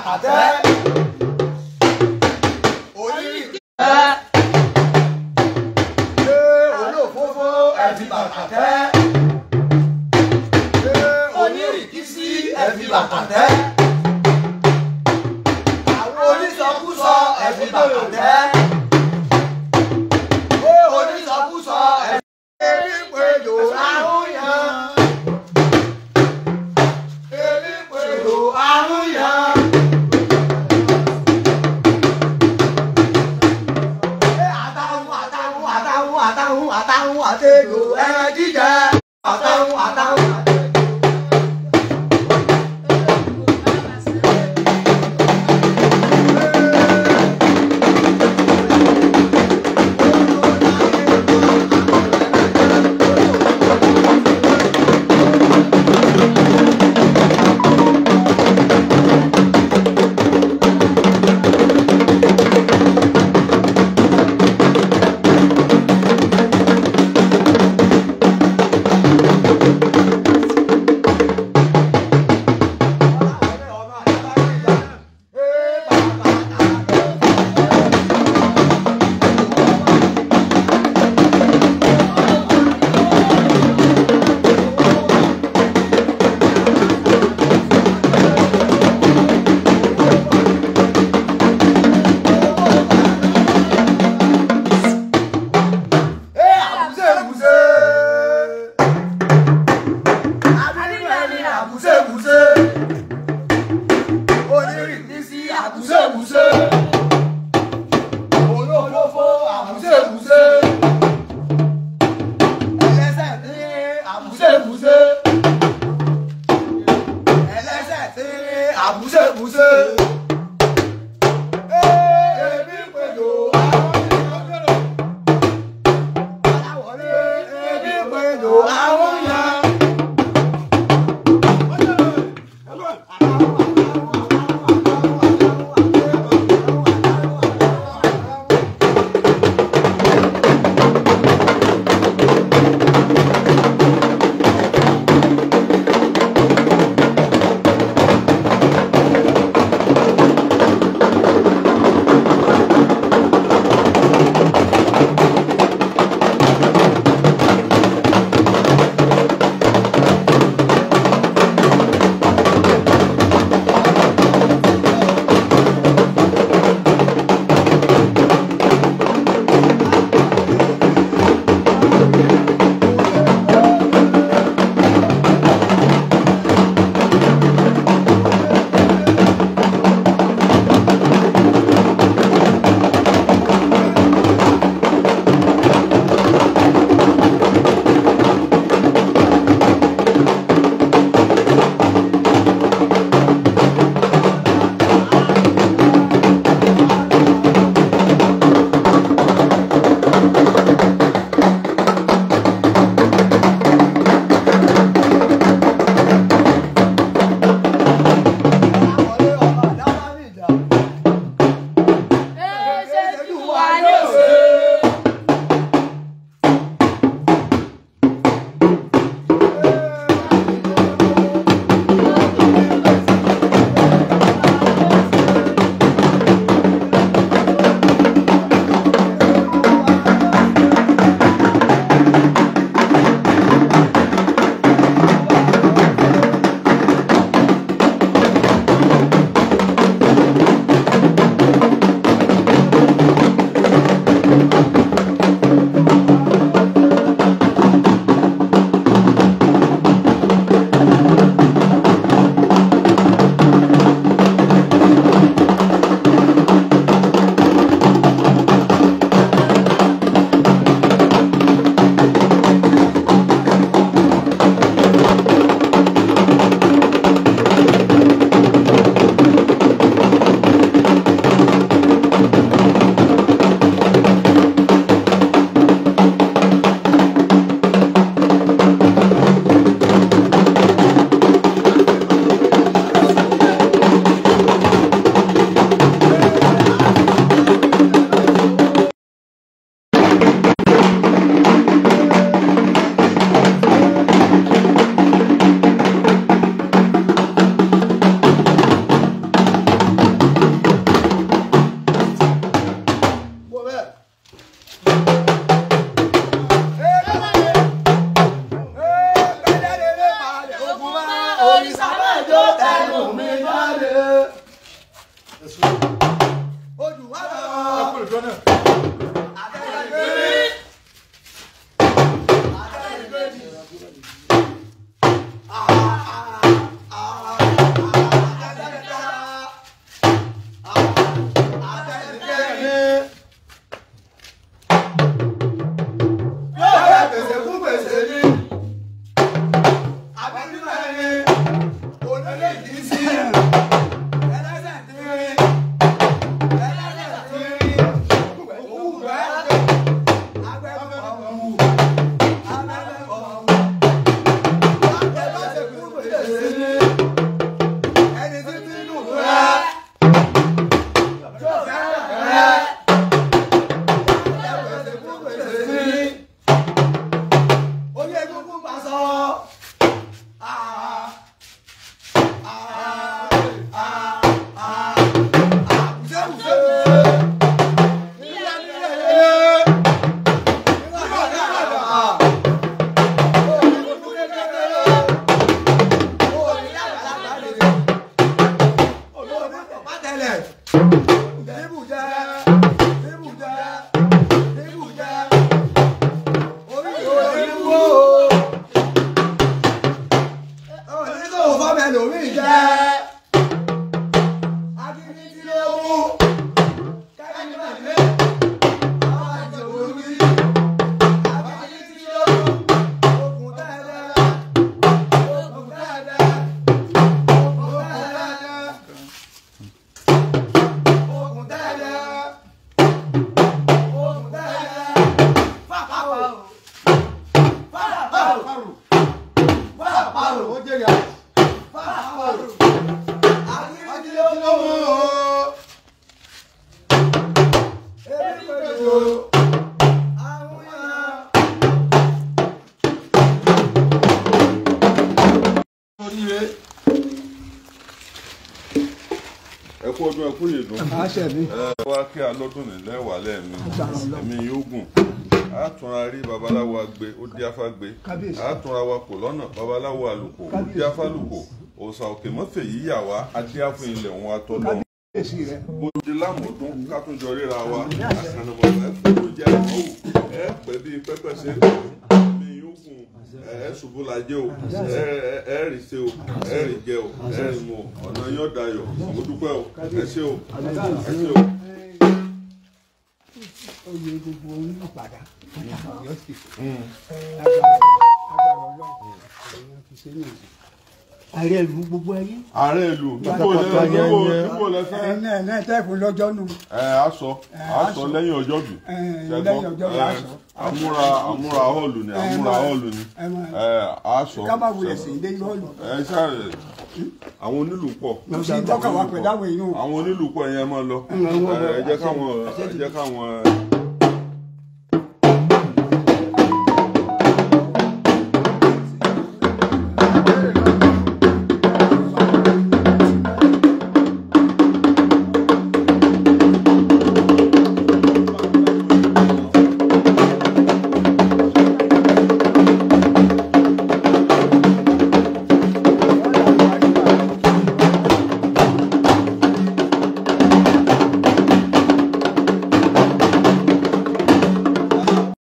打针。àtàwọn àtejò ẹran jíjẹ àtàwọn àtàwọn. 아, 무슨 무슨 ẹkú ọdún ẹkú yèdùn wá kí alọ́dún nílẹ̀ wà lẹ́ẹ̀mí ẹ̀mí yóò gùn àtúnra rí babaláwo agbe ó di a àtúnra wa kò lọ́nà babaláwo àlùkò ó di afálùkò òòsà òkè mọ́fẹ̀ yìí yà wá adíáfún ilẹ̀ òun atọ́lọ́ bóde lámòdún kátúnjọ ríra wa àṣàlùbọ̀ ẹ̀ fún oúnjẹ àwọn òwò ẹ̀ pẹ̀ pẹ́pẹ́ ṣe é lógun ẹ ṣubú la jẹ o ẹ rì ṣe o ẹ jẹ o ẹ rì mu ọ̀nà yóò dayọ̀ mo dúpẹ́ o ẹ o ẹ o. oyè gbogbo orí ìpàdà ọ̀yọ́ sì agbára ọlọ́run èèyàn ti ṣe ní ààrẹ ìlú gbogbo ayé. ààrẹ ìlú níbo lẹ níbo níbo lẹ fẹ. ẹ náà náà tẹ́ẹ̀fù lọ́jọ́ nù. ẹ a sọ a sọ lẹ́yìn ọjọ́ bì. lẹ́yìn ọjọ́ bì a sọ. amúra amúra họ́ọ̀lù ni amúra họ́ọ̀lù ni ẹ a sọ. ká má wulẹ̀ sí ilé họ́ọ̀lù. ẹ sáré àwọn onílù pọ̀. mo ti dọ́kà wá pẹ̀lú àwọn èèyàn. àwọn onílù pọ̀ yẹn máa lọ. ẹ jẹ́ káwọn ẹ jẹ́ káwọn.